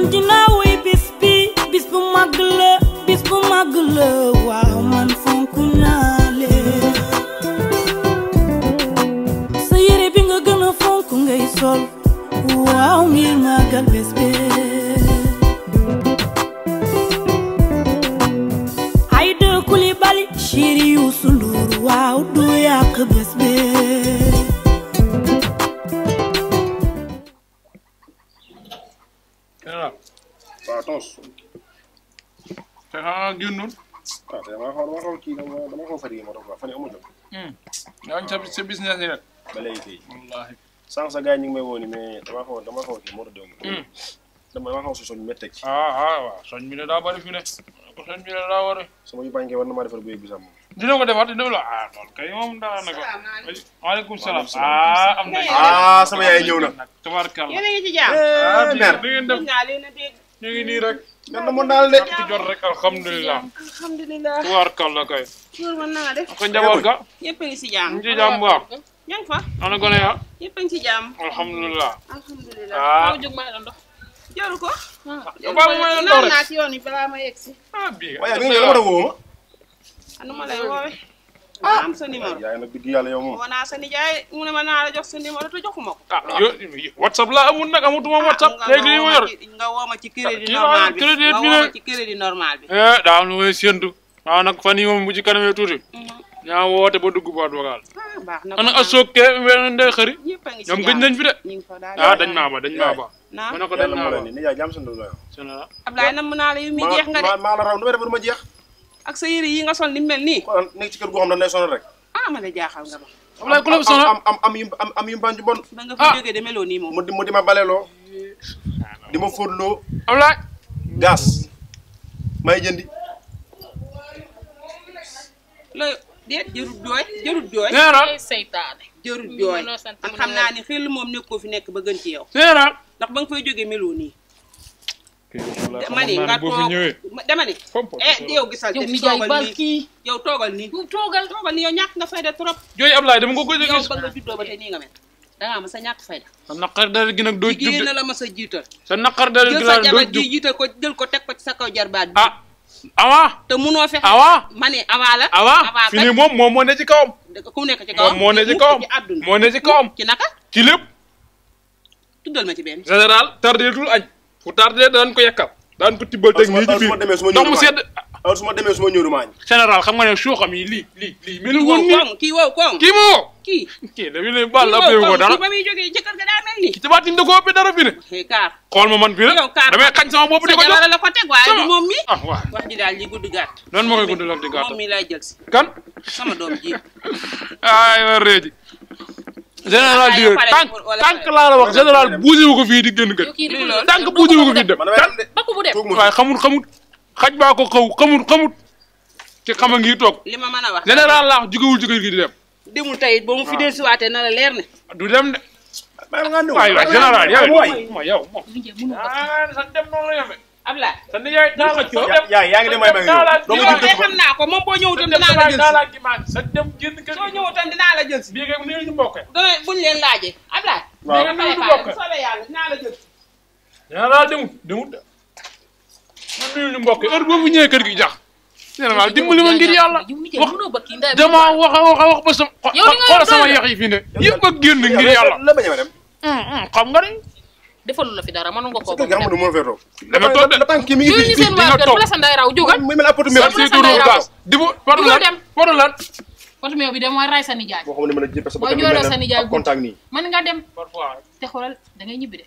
man dinaa wuy bis bi bis bu màgg la bis waaw man fonk naa leen sa yére bi nga gën a fonk ngay sol waaw ngir màggal bés bi ay dëkku li bali chéri yu waaw du yàq bés bi waaw. waaw tos. te xanaa génnul. waaw te damaa xaw damaa xaw kii dama dama xaw fatigué moo tax quoi fan yii amul jot. yaa ngi sa sa business yi rek. ba léegi kay. wallaahi. sànq sa gars yi ñu ngi may woo ni mais damaa xaw damaa xaw kii moo tax déwén. damaa xaw sa soñ mi teg ci. ah ah waaw soñ mi ne daa bari fi ne. soñ mi ne daa bari. su ma ñu bànkee war na maa defal bu yëg bi sax moom. dina ko defaat dina la ah loolu kay moom dara na ko. waaleykum salaam ah am na. ah sama yaay ñëw na. tabaarkalla yéen a ngi ci jàmm. ah mer da ngeen def ñu ngi nii rek. nga demoon daal de. ci jot rek alhamdulilah. alhamdulilah tabaarkalla kay. suur man na nga def. ko njaboot ga. ñëpp a ngi ci jàmm. ñu ngi ci jàmm bu baax. ña nga fa. ana gone ya. ñëpp a ngi ci jàmm. alhamdulilah. alhamdulilah. ah ma jóg maa la ndox. jaru ko. ah yow baax na ma yoon ndox rek. naan naa ci yoon yi balaa ma yegg si. ah bii. waaye bi nga jël ma anu ah, ma lay woowe ah am sa numéro yaay nag dëgg yàlla yow sa nijaay ne ma naa la jox sa numéro te joxuma ko. ah yo whatsapp la amul nag amutuma ah, whatsapp. léegi li ma nga woo ma ci crédit ah, normal bi nga woo ma ci crédit normal bi. Eh, daa am lu may séntu nag fan yii moom bu ci kanamee tuuti. ñaa mm-hmm. woote ba dugg ba vocale. baax na ko xanaa asoog kee weneen gëj nañ fi de. a dañ maa ba dañ maa ba. ma ne ko dañ maa ba yàlla mu ne nii nijaay yu muy jeex nga de. jeex. ak sa yére yi nga sol ni mel nii. kon nekk ci kër goo xam ne dañ lay sonal rek. ah ma ne jaaxal nga ma. walaay ku la sonal am am am yu am yu mbañ ju bon. ba nga fa ah! jógee demeloo nii moom. mu di mu xam naa ne xel moom nekkoo fi nekk ba gën ci yow. nee ndax ba nga fay jógee meloo nii. dama ni nga toog dama ni eh yow gisal te toogal nii yow toogal nii toogal toogal nii yow ñàkk nga fayda trop jooyu Ablaye dama ko gëj a gis yow ma sa ñàkk fayda sa naqar dara gi nag doo jub jigéen sa jiital sa naqar dara gi nag ko teg ko sa kaw jarbaat bi ah awa te munoo fexe awa ma ne awa la awa fi ni moom moom moo ne ci kawam ku nekk ci kawam moo ne ci kawam moo ne ci kawam ci naka ci lépp tuddal ma ci benn général tardeetul añ ku tardé daan ko yekkal daan ko tibbal teg nii ci biir ndox mu sedd alors su ma demee su ma ñëw maañ général xam nga ne suuxam yi lii lii lii mel woon nii kii wow koŋ kii moo kii kii dañu ne baal la ko dara ba muy jógee jëkkër ki tabaat yi da ko ëppee dara bi ne kaar xool ma man fii rek damay xañ sama bopp di ko jox la moom mi ah waaw wax daal li gudd gàtt noonu ma koy gudd la di gàtt moom mi lay jël ji général di tànk tànk a la wax général bougé wu ko fii di génn kër. tànk bougé wu ko fii dem tànk waaye xamut xamut xaj baa ko xaw xamut xamut ci xama ngi toog. li ma mën a wax général laa wax jugewul ci kër gi di dem. demul tey ba mu fi dellusiwaatee na la leer ne. de. waay waay général yow Ablaye. te ni yooyu daal la coow yaa yaa ngi dem may may yow xam naa ko moom boo ñëwutoon dinaa la jël si. sa dem génn kër soo ñëwutoon dinaa la jël si. bii kay nii ñu bokkee. dana buñ leen laajee Ablaye. waaw bii nii ñu bokkee soobee yàlla dinaa la jël si. dinaa laa demut demut de. man nii ñu bokkee heure boobu ñëwee kër gi jax. général dimbali ma ngir yàlla wax damaa wax a wax a wax ba sama. yow li nga sama yax yi fii ne. yëpp a génn ngir yàlla. xam nga ne defalu la fi dara mënu nga koo bokk. dama toog de dama kii mi ngi fi di nga toog bu la sa ndey raw jógal. muy mel apporte meew si turu gaas sa nijaay. boo xam a sa a nijaay bu contact nga dem te xoolal da ngay ñibbi de.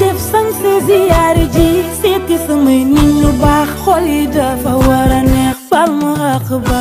def sang sa ziyaare ji seeti samay nit ñu baax xol yi dafa a neex fal ma ak